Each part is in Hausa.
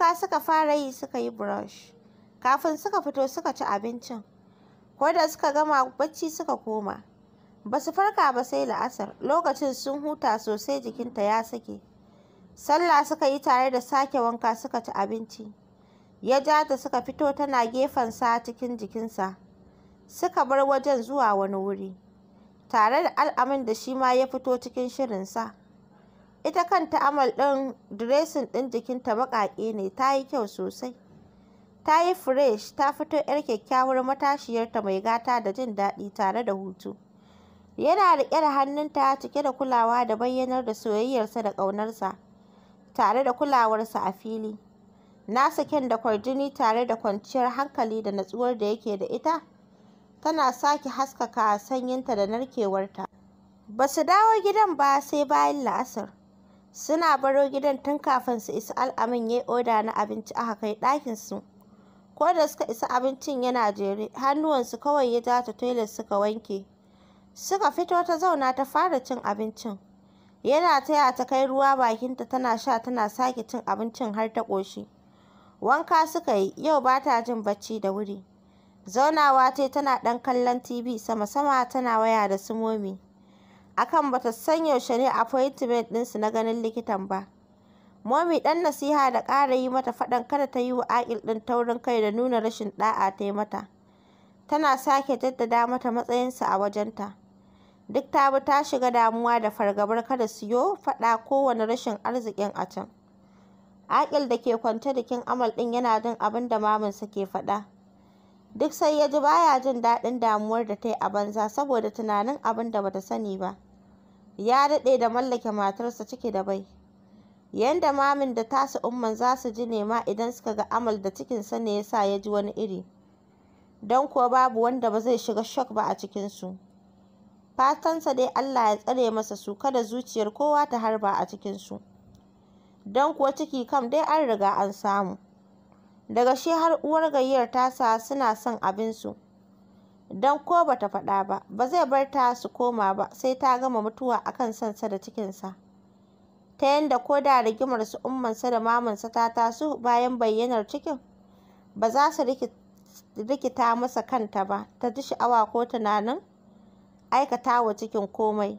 Wanka suka fara yi suka yi brush. Kafin suka fito suka ci abincin. Ko da suka gama bacci suka koma. Ba su farka ba sai la'asar. Lokacin sun huta sosai jikinta ya sake. Sallah suka yi tare da sake wanka suka ci abinci. Ya ja ta suka fito tana gefensa cikin jikinsa. Suka bar wajen zuwa wani wuri. Tare da al'amin da shi ma ya fito cikin shirinsa. ita kanta amal ɗin diresin ɗin jikinta baƙaƙe ne ta yi kyau sosai ta yi fresh ta fito 'yar kyakkyawar matashiyarta mai gata da jin daɗi tare da hutu yana riƙe da hannunta cike da kulawa da bayyanar da soyayyarsa da ƙaunarsa tare da kulawarsa a fili nasa kyan da kwarjini tare da kwanciyar hankali da natsuwar da yake da ita tana sake haskaka sanyinta da narkewarta ba su dawo gidan ba sai bayan la'asar Suna baro gidan tun kafin su isa al'amin ya yi oda na abinci aka kai ɗakinsu. Ko da suka isa abincin yana jere, hannuwansu kawai ya ja ta toilet suka wanke. Suka fito ta zauna ta fara cin abincin. Yana taya ta kai ruwa bakinta tana sha tana sake cin abincin har ta ƙoshi. Wanka suka yi, yau ba ta jin bacci da wuri. Zaunawa ce tana ɗan kallon TV sama-sama tana waya da simomi akan bata san yaushe ne appointment ɗinsu na ganin likitan ba. Momi ɗan nasiha da ƙara yi mata faɗan kada ta yi wa Aƙil ɗin taurin kai da nuna rashin ɗa'a ta yi mata. Tana sake jaddada mata matsayinsa a wajenta. Duk ta bi ta shiga damuwa da fargabar kada su yo faɗa kowane rashin arzikin a can. Aƙil da ke kwance da kin Amal ɗin yana jin abin da maminsa ke faɗa. Duk sai ya ji baya jin daɗin damuwar da ta yi a banza saboda tunanin abin da bata sani ba. ya daɗe da mallake matarsa ciki da bai yanda mamin da tasu umman za su ji nema idan suka ga amal da cikinsa ne ya sa ya ji wani iri don kuwa babu wanda ba zai shiga shok ba a cikinsu fatansa dai Allah ya tsare masa su kada zuciyar kowa ta harba a cikinsu don kuwa ciki kam dai an riga an samu daga shi har uwar gayyar tasa suna son abinsu don ko ba ta faɗa ba, ba zai bar ta su koma ba sai ta gama mutuwa a kan sansa da cikinsa. Ta yanda ko da rigimar su ummansa da mamansa ta taso bayan bayyanar cikin, ba za su rikita masa kanta ba, ta ji sha'awa ko tunanin aikata wa cikin komai.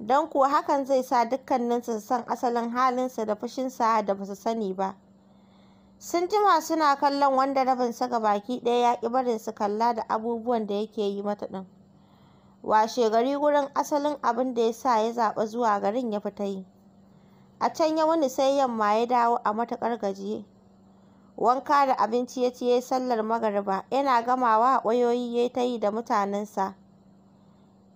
Don kuwa hakan zai sa dukkaninsu su san asalin halinsa da fushinsa da ba su sani ba. Sun jima suna kallon wanda rabinsa saka baki ɗaya ya ƙi barin su kalla da abubuwan da yake yi mata ɗin. Washe gari gurin asalin abin da ya sa ya zaɓa zuwa garin ya fita yi. A can ya wani sai yamma ya dawo a matuƙar gajiye. Wanka da abinci ya ciye sallar magariba yana gamawa ƙwayoyi ya ta yi da mutanensa.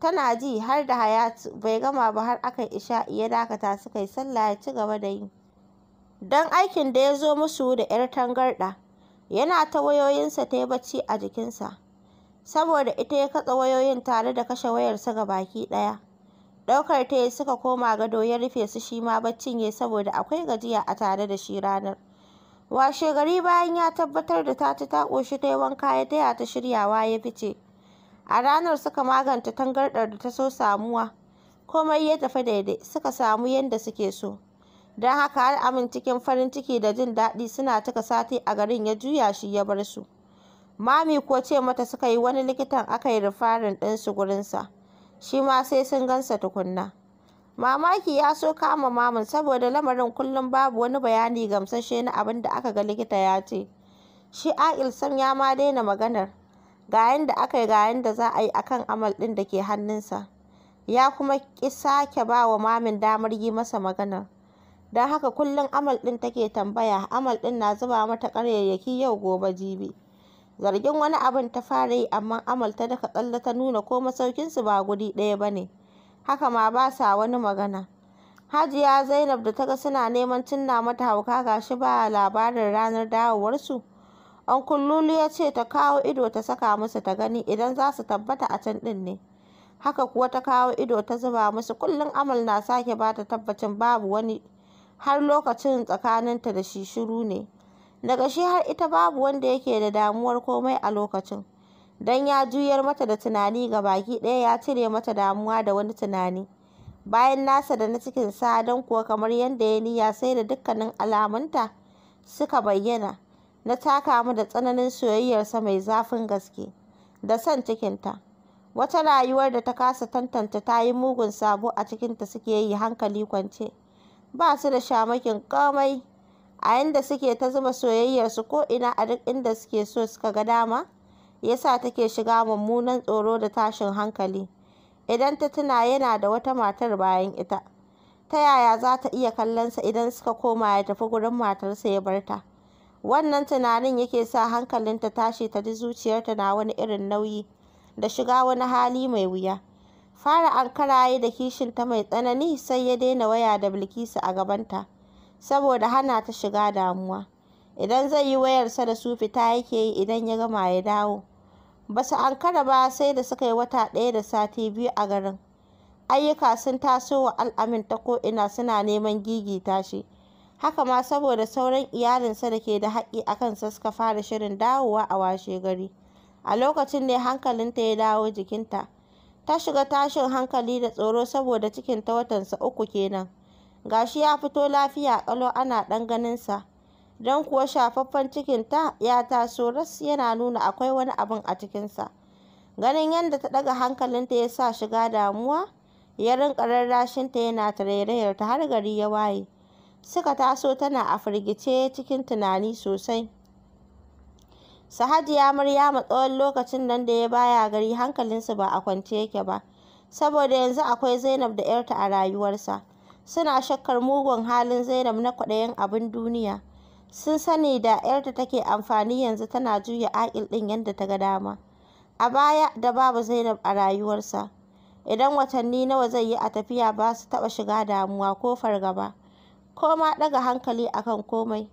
Tana ji har da Hayatu bai gama ba har aka isha ya dakata suka yi sallah ya ci gaba da yi. don aikin da ya zo musu da 'yar tangarɗa. Yana ta wayoyinsa ta yi bacci a jikinsa, saboda ita ya katsa wayoyin tare da kashe wayarsa ga baki ɗaya. Ɗaukar ta ya suka koma gado ya rufe su shi ma baccin ya saboda akwai gajiya a tare da shi ranar. Washe gari bayan ya tabbatar da ta ci ta ƙoshi ta yi wanka ya taya ta shiryawa ya fice. A ranar suka maganta tangarɗar da ta so samuwa, komai ya tafi daidai suka samu yadda suke so. don haka har amin cikin farin ciki da jin daɗi suna cika sati a garin ya juya shi ya bar su mami ko ce mata suka yi wani likitan aka yi rufarin ɗinsu gurinsa shi ma sai sun gansa tukunna mamaki ya so kama mamin saboda lamarin kullum babu wani bayani gamsashe na abin da aka ga likita ya ce shi a'il sam ya ma daina maganar ga da aka yi ga da za a yi akan amal ɗin da ke hannunsa ya kuma ƙi sake ba wa mamin damar yi masa maganar don haka kullum Amal ɗin take tambaya Amal ɗin na zuba mata ƙaryayyaki yau gobe jibi zargin wani abin ta fara yi amma Amal ta daka tsalle ta nuna ko masaukinsu ba guri ɗaya ba ne haka ma ba sa wani magana Hajiya Zainab da ta ga suna neman cinna mata hauka ga shi ba labarin ranar dawowarsu an kullulu ya ce ta kawo ido ta saka musu ta gani idan za su tabbata a can ɗin ne haka kuwa ta kawo ido ta zuba musu kullum Amal na sake ba ta tabbacin babu wani har lokacin tsakaninta da shi shiru ne daga shi har ita babu wanda yake da damuwar komai a lokacin don ya juyar mata da tunani ga baki ɗaya ya cire mata damuwa da wani tunani bayan nasa da na cikin sa don kuwa kamar yadda ya niya, sai da dukkanin alamunta suka bayyana na taka mu da tsananin soyayyarsa mai zafin gaske da son cikinta wata rayuwar da ta kasa tantance ta yi mugun sabo a cikinta suke yi hankali kwance ba su da shamakin komai a yadda suke ta zuba soyayyarsu ko ina a duk inda suke so suka ga dama ya sa take shiga mummunan tsoro da tashin hankali idan ta tuna yana da wata matar bayan ita ta yaya za ta iya kallonsa idan suka koma ya tafi gurin matarsa ya bar ta wannan tunanin yake sa hankalinta tashi ta ji zuciyarta na wani irin nauyi da shiga wani hali mai wuya Fara ankara ya yi da kishinta mai tsanani sai ya daina waya da Bilkisu a gabanta saboda hana ta shiga damuwa. Idan zai yi wayarsa da su fita yake yi idan ya gama ya dawo. Ba su ankara ba sai da suka yi wata ɗaya da sati biyu a garin. Ayyuka sun taso wa al'amin ta ko'ina suna neman gigi shi. Haka ma saboda sauran iyalinsa da ke da haƙƙi a kansa suka fara shirin dawowa a washe gari. A lokacin ne hankalinta ya dawo jikinta. ta shiga tashin hankali da tsoro saboda cikin ta watansa uku kenan gashi ya fito lafiya ƙalau ana ɗan ganinsa don kuwa shafaffen cikinta ya taso ras yana nuna akwai wani abin a cikinsa ganin yadda ta ɗaga hankalinta ya sa shiga damuwa ya rinƙa rarrashinta yana tarairayarta har gari ya waye suka taso tana a firgice cikin tunani sosai ya marya ma tsawon lokacin nan da ya baya gari hankalinsu ba a kwance yake ba saboda yanzu akwai Zainab da 'yarta a rayuwarsa suna shakkar mugun halin Zainab na kwaɗayin abin duniya sun sani da 'yarta take amfani yanzu tana juya aƙil ɗin yadda ta ga dama a baya da babu Zainab a rayuwarsa idan watanni nawa zai yi a tafiya ba su taɓa shiga damuwa ko fargaba ko ma ɗaga hankali akan komai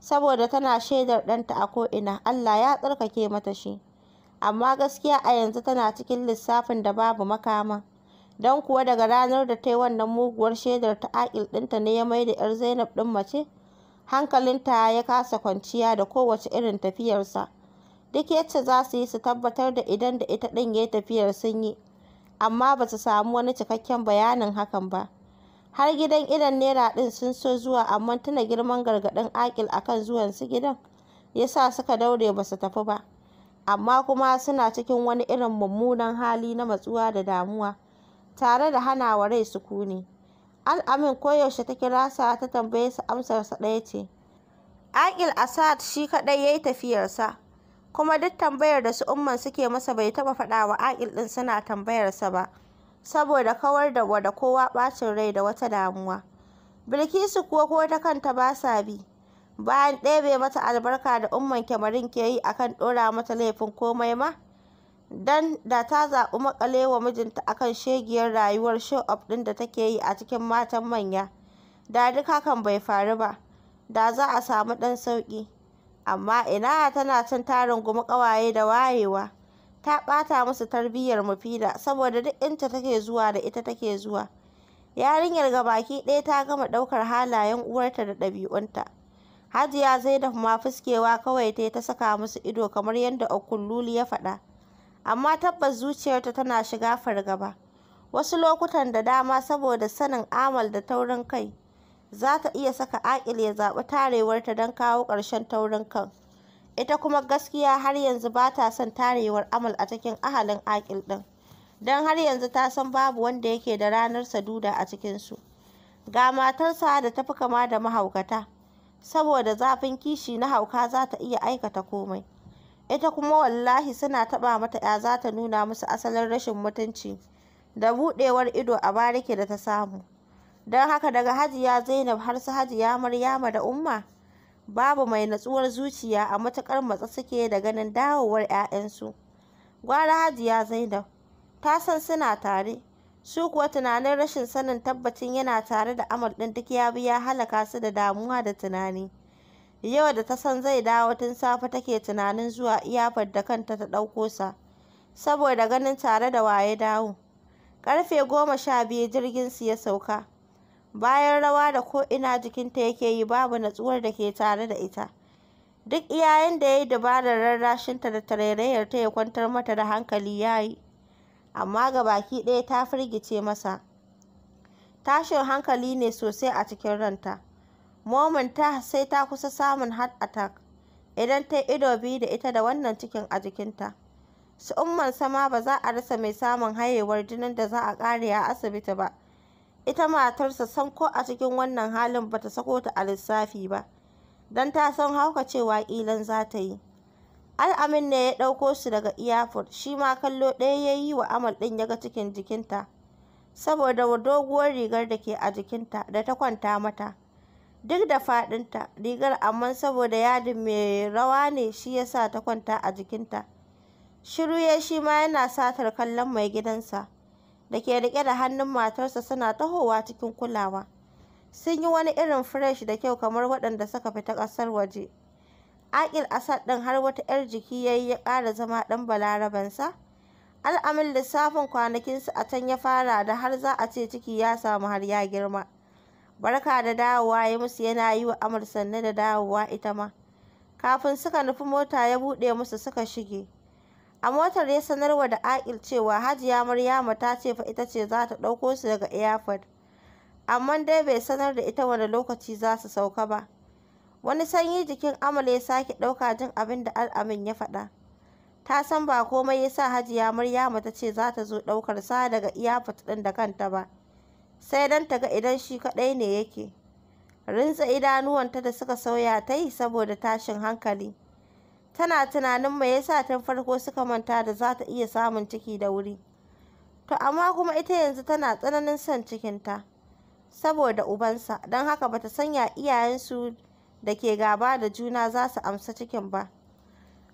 saboda tana shaidar ɗanta a ko'ina Allah ya tsarkake mata shi amma gaskiya a yanzu tana cikin lissafin da babu makama don kuwa daga ranar da ta yi wannan muguwar shaidar ta aƙil ɗinta ne ya mai da 'yar Zainab ɗin mace hankalinta ya kasa kwanciya da kowace irin tafiyarsa duk yacce za su yi su tabbatar da idan da ita ɗin ya yi tafiyar sun yi amma ba su samu wani cikakken bayanin hakan ba har gidan idan naira ɗin sun so zuwa amma tana girman gargaɗin akil akan su gidan ya sa suka daure ba su tafi ba amma kuma suna cikin wani irin mummunan hali na matsuwa da damuwa tare da hanawa rai su sukuni al'amin koyaushe ta kira sa ta tambaye su amsarsa ɗaya ce akil asad shi kaɗai ya yi tafiyarsa kuma duk tambayar da su umman suke masa bai taɓa faɗa wa akil ɗin suna tambayarsa ba saboda kawar da wada kowa ɓacin rai da wata damuwa. Bilkisu kuwa ko ta kanta ba sa bi. Bayan ɗebe mata albarka da umman kyamarin ke yi akan ɗora mata laifin komai ma, don da ta zaɓi maƙale wa mijinta a kan shegiyar rayuwar show up ɗin da take yi a cikin matan manya, da duk hakan bai faru ba, da za a samu ɗan sauƙi. Amma ina tana cin tarin gumi ƙawaye da wayewa. ta ɓata musu tarbiyyar mufida saboda duk inta take zuwa da ita take zuwa yarinyar gabaki ɗaya ta gama ɗaukar halayen uwarta da ɗabi'unta hajiya zainab ma fuskewa kawai ta ta saka musu ido kamar yadda okulluli ya faɗa amma tabbas zuciyarta tana shiga fargaba wasu lokutan da dama saboda sanin amal da taurin kai za ta iya saka aƙil ya zaɓi tarewarta don kawo ƙarshen taurin kan ita kuma gaskiya har yanzu ba ta son tarewar amal a cikin ahalin akil ɗin don har yanzu ta san babu wanda yake da ranar duda a cikinsu ga matarsa da ta fi kama da mahaukata saboda zafin kishi na hauka za ta iya aikata komai ita kuma wallahi suna taɓa mata ya za ta nuna musu asalin rashin mutunci da buɗewar ido a bariki da ta samu don haka daga hajiya zainab har su hajiya maryama da umma babu mai natsuwar zuciya a matuƙar matsa suke da ganin dawowar 'ya'yansu gwara hajiya zainab ta san suna tare su kuwa tunanin rashin sanin tabbacin yana tare da amal ɗin duk ya bi ya halaka su da damuwa da tunani yau da ta san zai dawo tun safe take tunanin zuwa iyafar da kanta ta ɗauko sa saboda ganin tare da waye dawo Karfe goma sha biyu jirgin su ya sauka Bayan rawa da ko'ina jikinta yake yi babu natsuwar da ke tare da ita. Duk iya da ya yi dabarar rarrashinta da ta ya kwantar mata da hankali ya yi, amma ga baki ɗaya ta firgice masa. Tashin hankali ne sosai a cikin ranta. Mominta sai ta kusa samun heart attack idan ta ido biyu da ita da wannan cikin a jikinta. Su sama ba za a rasa mai samun hayewar jinin da za a ƙare a asibiti ba. ita matarsa san ko a cikin wannan halin bata sako ta a lissafi ba don ta san hauka cewa ƙilan za ta yi al'amin ne ya ɗauko su daga iyafur shi ma kallo ɗaya ya yi wa amal ɗin ya ga cikin jikinta saboda doguwar rigar da ke a jikinta da ta kwanta mata duk da faɗinta rigar amma saboda yadin mai rawa ne shi ya sa ta kwanta a jikinta shiru ya shi ma yana satar kallon mai gidansa da ke riƙe da hannun matarsa suna tahowa cikin kulawa. Sun yi wani irin fresh da kyau kamar waɗanda suka fita ƙasar waje. Aƙil Asad ɗin har wata 'yar jiki ya yi ya ƙara zama ɗan balarabansa. Al'amin lissafin kwanakinsu a can ya fara da har za a ce ciki ya samu har ya girma. Barka da dawowa ya musu yana yi wa Amur sanne da dawowa ita ma. Kafin suka nufi mota ya buɗe musu suka shige. a motar ya sanarwa da Aƙil cewa Hajiya Maryama ta ce fa ita ce za ta ɗauko su daga airport amma dai bai sanar da ita wani lokaci za su sauka ba wani sanyi jikin Amal ya sake ɗauka jin abin da Al'amin ya faɗa ta san ba komai ya sa Hajiya Maryama ta ce za ta zo ɗaukar sa daga airport ɗin da kanta ba sai don ta ga idan shi kaɗai ne yake rintsa idanuwanta da suka sauya ta yi saboda tashin hankali tana tunanin me yasa tun farko suka manta da za ta iya samun ciki da wuri to amma kuma ita yanzu tana tsananin son cikinta saboda ubansa don haka bata sanya iyayensu da ke gaba da juna za su amsa cikin ba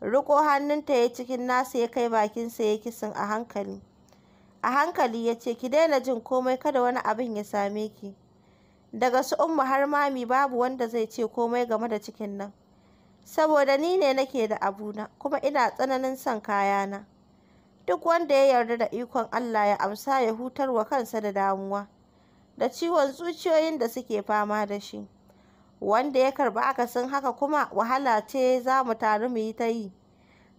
riko hannunta ya cikin nasa ya kai bakinsa ya kisin a hankali a hankali ya ce ki daina jin komai kada wani abin ya same ki daga su umma har mami babu wanda zai ce komai game da cikin nan saboda ni ne nake da abuna kuma ina tsananin son kayana duk wanda ya yarda da ikon Allah ya amsa ya hutar wa kansa da damuwa da ciwon zuciyoyin da suke fama da shi wanda ya karba akasin haka kuma wahala ce za mu taru mu yi ta yi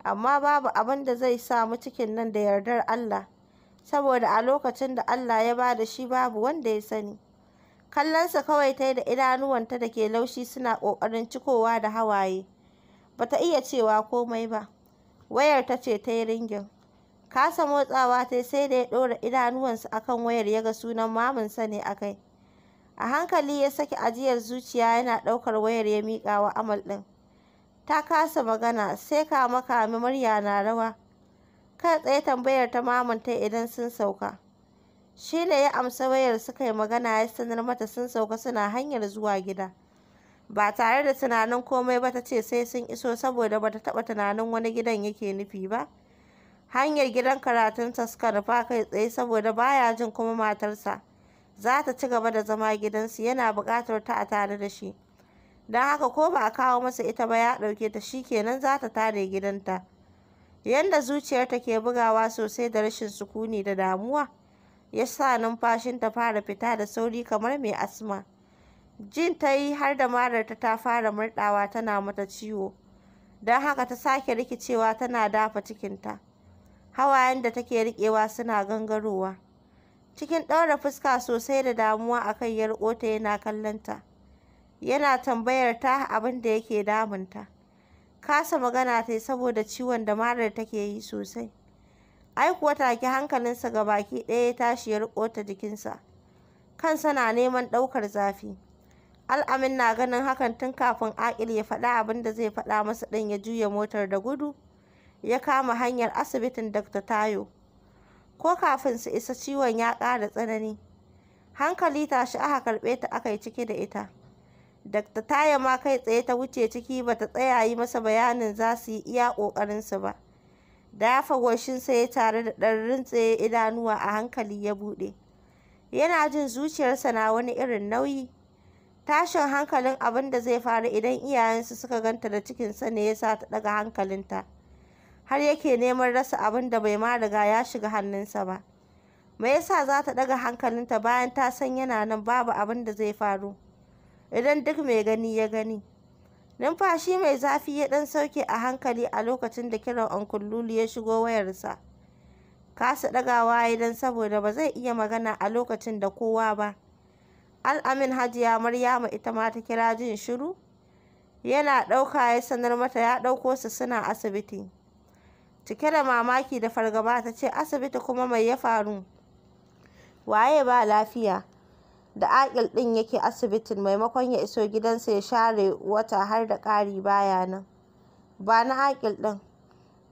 amma babu abin da zai samu cikin nan da yardar Allah saboda a lokacin da Allah ya ba da shi babu wanda ya sani kallonsa kawai ta yi da idanuwanta da ke laushi suna ƙoƙarin cikowa da hawaye Ba ta iya cewa komai ba. Wayar ta ce ta yi ringin. Kasa motsawa ta sai da ya ɗora idanuwansa akan wayar ya ga sunan sa ne a kai. A hankali ya saki ajiyar zuciya yana ɗaukar wayar ya miƙa wa Amal ɗin. Ta kasa magana sai kama kame murya na rawa. Kai tsaye tambayar ta mamanta idan sun sauka. Shi ne ya amsa wayar suka yi magana ya sanar mata sun sauka suna hanyar zuwa gida. ba tare da tunanin komai ba ta ce sai sun iso saboda ba ta taɓa tunanin wani gidan yake nufi ba hanyar gidan karatunsa suka nufa kai tsaye saboda baya jin kuma matarsa za ta ci gaba da zama gidansu yana buƙatar ta a tare da shi don haka ko ba a kawo masa ita ba ya ɗauke ta shi kenan za ta tare gidanta yadda zuciyarta ke bugawa sosai da rashin sukuni da damuwa ya sa numfashinta fara fita da sauri kamar mai asma jin ta yi har da mararta ta fara murɗawa tana mata ciwo don haka ta sake rikicewa tana dafa cikinta hawayen da take riƙewa suna gangarowa cikin ɗaura fuska sosai da damuwa a kan ta yana kallonta yana tambayar ta abin da yake damunta kasa magana ta yi saboda ciwon da marar take yi sosai ai kuwa take hankalinsa ga baki ɗaya ya tashi ya jikinsa kansa na neman ɗaukar zafi al'amin na ganin hakan tun kafin aƙil ya faɗa abin da zai faɗa masa ɗin ya juya motar da gudu ya kama hanyar asibitin dr tayo ko kafin su isa ciwon ya ƙara tsanani hankali tashi aka karɓe ta aka yi ciki da ita dr tayo ma kai tsaye ta wuce ciki ba ta tsaya yi masa bayanin za su yi iya ƙoƙarinsu ba Da dafa goshinsa ya tare da ɗan rintsaye idanuwa a hankali ya buɗe yana jin zuciyarsa na wani irin nauyi tashin hankalin abin da zai faru idan iyayensu suka ganta da cikin ne ya sa ta ɗaga hankalinta har yake neman rasa abin da bai ma riga ya shiga hannunsa ba me yasa za ta ɗaga hankalinta bayan ta san yana nan babu abin da zai faru idan duk mai gani ya gani numfashi mai zafi ya ɗan sauke a hankali a lokacin da kiran onkululu ya shigo wayarsa kasa ɗagawa idan saboda ba zai iya magana a lokacin da kowa ba al'amin hajiya maryama ita ma ta kira jin shiru yana ɗauka ya sanar mata ya ɗauko su suna asibiti cike da mamaki da fargaba ta ce asibiti kuma mai ya faru waye ba lafiya da aƙil ɗin yake asibitin maimakon ya iso gidansa ya share wata har da ƙari baya nan ba na aƙil ɗin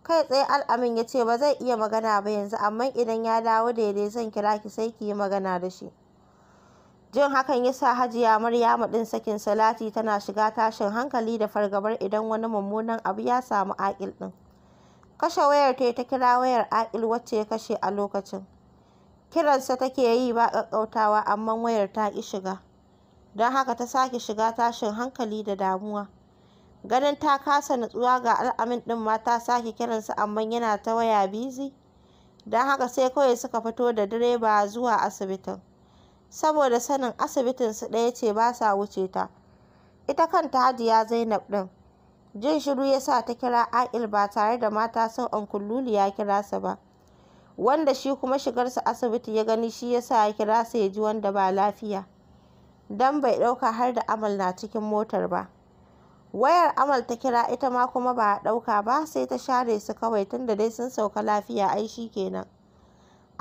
kai tsaye al'amin ya ce ba zai iya magana ba yanzu amma idan ya dawo daidai zan kira ki sai ki yi magana da shi jin hakan ya sa hajiya Maryamu ɗin sakin salati tana shiga tashin hankali da fargabar idan wani mummunan abu ya samu aƙil ɗin kashe wayar ta ta kira wayar aƙil wacce ya kashe a lokacin kiransa take yi ba ƙaƙƙautawa amma wayar ta ki shiga don haka ta sake shiga tashin hankali da damuwa ganin ta kasa natsuwa ga al'amin ɗin ma ta sake kiransa amma yana ta waya bizi don haka sai kawai suka fito da direba zuwa asibitin saboda sanin asibitin su ɗaya ce ba sa wuce ta ita kanta hajiya zainab ɗin jin shiru ya sa ta kira a'il ba tare da mata sun ankululi ya kira su ba wanda shi kuma shigar shigarsa asibiti ya gani shi ya sa ya kira su ya ji wanda ba lafiya don bai ɗauka har da amal na cikin motar ba wayar amal ta kira ita ma kuma ba a ɗauka ba sai ta share su kawai tunda dai sun sauka lafiya ai shi kenan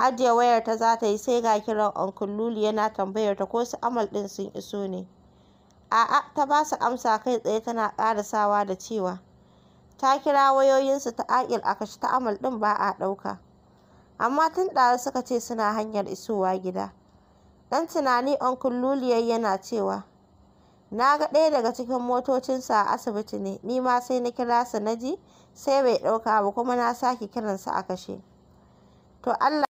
Ajiye wayarta za ta yi sai ga kiran Uncle Lulu yana tambayar ta ko su Amal ɗin sun iso ne. A'a ta ba su amsa kai tsaye tana sawa da cewa ta kira wayoyinsu ta aƙil a kashe ta Amal ɗin ba a ɗauka. Amma tun ɗazu suka ce suna hanyar isowa gida. Ɗan tunani Uncle Lulu yana cewa na ga ɗaya daga cikin motocinsa a asibiti ne ni ma sai na kira su na ji sai bai ɗauka ba kuma na sake kiransa a kashe. To Allah